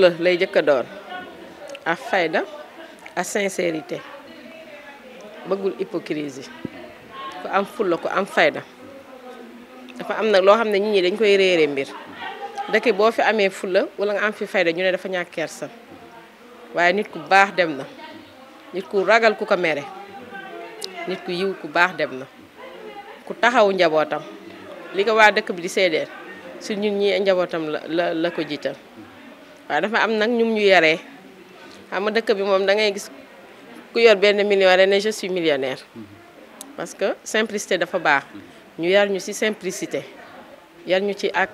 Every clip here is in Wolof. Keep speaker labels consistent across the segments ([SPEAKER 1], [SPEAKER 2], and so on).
[SPEAKER 1] fulla lay jëkk a doon ak fayda ak sincérité bëggul hypocrisie ku am fulla ku am fayda dafa am nag loo xam ne nit ñi dañ koy réere mbir dëkk boo fi amee fulla wala nga am fi fayda ñu ne dafa ñàkk kersa waaye nit ku baax dem na nit ku ragal ku ko mere nit ku yiw ku baax dem na ku taxawu njabootam li ko waa dëkk bi di seedeel su ñun ñi njabootam la la la ko jiital waaw dafa am nag ñum ñu yaree xam nga dëkk bi moom da ngay gis ku yor benn million rek ne je suis millionnaire mm-hmm. parce que simplicité dafa baax mm-hmm. ñu yar ñu ci simplicité yar ñu ci ak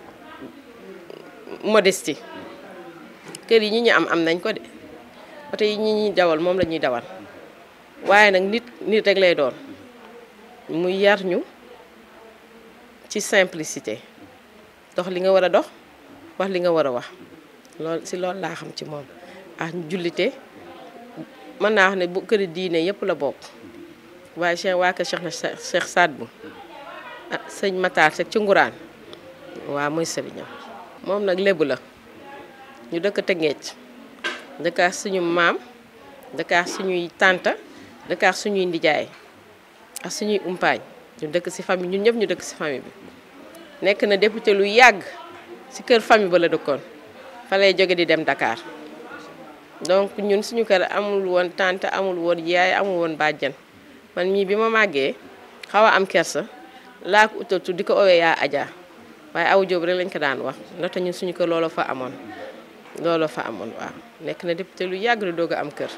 [SPEAKER 1] modestie kër yi ñi ñu am am nañ ko de oto yi ñi ñuy dawal moom la ñuy dawal mm-hmm. waaye nag nit nit rek lay doon muy yar ñu ci simplicité dox li nga war a dox wax li nga war a wax lool si loolu laa xam ci moom ah jullite mën naa wax ne bu kër diine yëpp la bokk waaye Cheikh waa kër Cheikh na Cheikh Saad bu ah sëñ Matar Seck ci nguraan waa mooy sëriñam moom nag lébu la ñu dëkk Tëngéej dëkkaa suñu maam dëkkaa suñuy tànta dëkkaa suñuy ndijaay ak suñuy umpaañ ñu dëkk si famille ñun ñëpp ñu dëkk si famille bi nekk na député lu yàgg si kër famille ba la dëkkoon fa lay jóge di dem Dakar donc ñun suñu kër amul woon tante amul woon yaay amul woon bàjjan man mii bi ma màggee xaw a am kersa laa ko utatu di ko owee yaa Aja waaye aw jóob rek lañ ko daan wax ndaxte ñun suñu kër looloo fa amoon looloo fa amoon waaw nekk na dépp te lu yàgg di doog am kër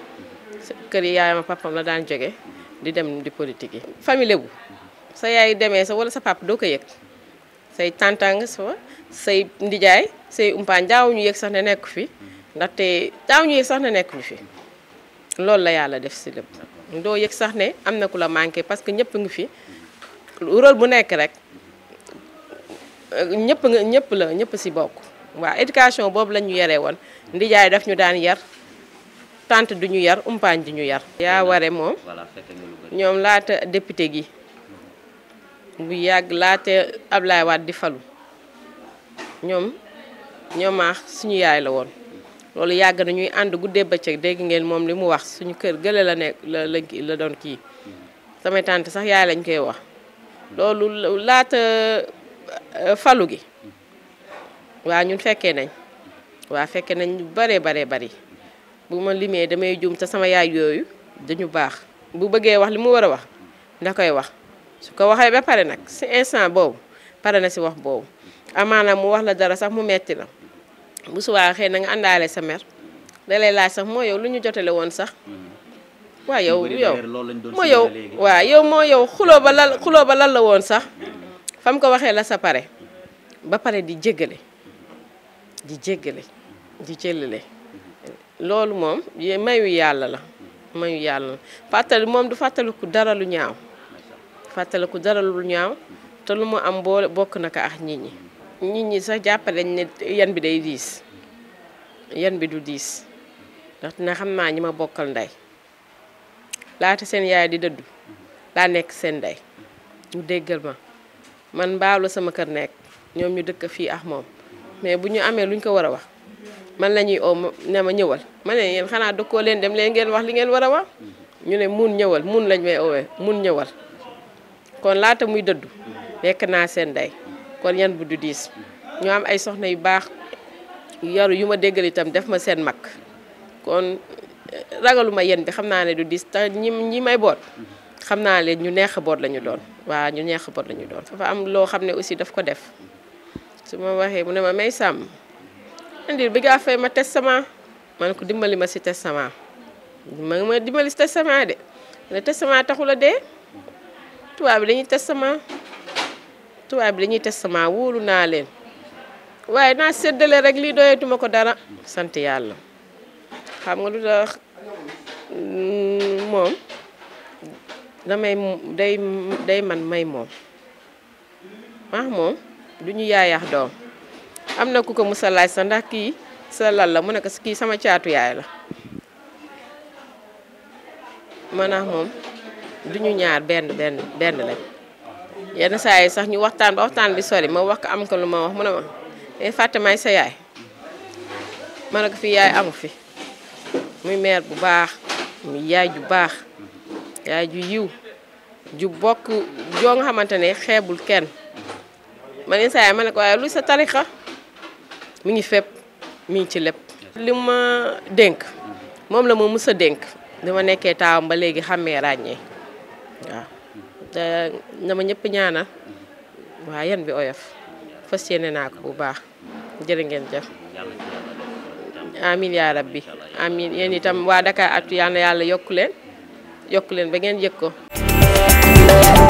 [SPEAKER 1] kër yi yaayam papam la daan jóge di dem di politique yi. famille bu sa yaay demee sa wala sa papa doo ko yëg. say tàntang so say ndijaay say umpaañ daawuñu yëg sax ne nekk fi ndaxte daawuñu yëg sax ne nekkuñu fi loolu la yàlla def si lépp doo yëg sax ne am na ku la manqué parce que ñëpp ngi fi rôle bu nekk rek ñëpp nga ñëpp la ñëpp si bokk waa éducation boobu la ñu yaree woon ndijaay daf ñu daan yar tante duñu yar umpaañ du ñu yar yaa ware moom ñoom laata député gi bu yàgg laate Ablaye Wade di falu ñoom ñoom suñu yaay la woon loolu yàgg na ñuy ànd guddee bëccëg dégg ngeen moom li mu wax suñu kër gële la nekk la doon kii samay tante sax yaay lañ koy wax loolu laata euh, falu gi waa ñun fekkee nañ waa fekkee nañ lu baree baree bari bu ma limee damay juum te sama yaay yooyu dañu baax bu bëggee wax li mu war a wax da koy wax su ko waxee ba pare nag si instant boobu pare na si wax boobu amaana mu wax la dara sax mu metti la bu subaa xëy na nga àndaale sa mer da lay laaj sax moo yow lu ñu jotale woon sax mm-hmm. waaw yow yow moo yow waaw yow moo yow xuloo ba lal xuloo ba lal la woon sax mm-hmm. fam ko waxee la sa pare ba pare di jéggale di jéggale di jëllale mm-hmm. loolu moom mayu yàlla la mayu yàlla la fàttali moom du fàttaliku dara lu ñaaw fàttaliku dara lu ñaaw te lu mu am boole bokk na ko ak nit ñi nit ñi sax jàppaleñ ne yeen bi day diis yeen bi du diis ndax na xam naa ñima bokal nday laata seen yaay di laa nek seen nday ñu deggal ma man baawlu sama kër nek ñom ñu dëkk fi ak mom mais warawa. amé luñ ko wara wax man lañuy o ne ma ñëwal mané yeen xana dëkkoo leen dem leen ngeen wax li ngeen wara wax ñu ne mun ñëwal mun lañ may owé mun ñëwal kon laata muy dëddu nekk naa seen day kon yan bu du diis ñu am ay soxna yu baax yu yaru yu ma déggal itam def ma seen mag kon eh, ragaluma yen bi xam naa ne du diis te ñi ñi may boot xam naa leen ñu neex boot la ñu doon waaw ñu neex a boot la ñu doon dafa am loo xam ne aussi daf ko def su ma waxee mu ne ma may sàmm andir bi ngaa fay ma testament man ko dimbali ma si testament ma ma dimbali si testament de ne testament taxul a dee tubaab bi dañuy testament tubaab bi dañuy testament wóolu naa leen waaye naa seddale rek lii doyatuma ko dara sant yàlla xam nga lu tax moom damay day man may moom ah moom du ñu yaayax doom am na ku ko musa laaj sa ndax kii sa lal la mu ne ko kii sama caatu yaay la man moom duñu ñaar ben ben ben lañ yeen saay sax ñu waxtaan ba waxtaan bi sori ma wax ko am ko lu ma wax mu ne ma e fatima may sa yaay man ak fi yaay amu fi muy mère bu baax muy yaay ju baax yaay ju yiw ju bok jo nga xamantene xébul kenn man yenn saay man ko waaye lu sa tarixa mi ngi fep mi ci lepp lima denk mom la mo musa denk dama nekké taw ba légui xamé ràññee waaw te na ma ñëpp ñaanal waa yan bi oyof fas yéene naa ko bu baax jërë ngeen jëf amin yaa rabbi amin yéen itam waa Dakar Actu yàlla yàlla yokk leen yokku leen ba ngeen yëg ko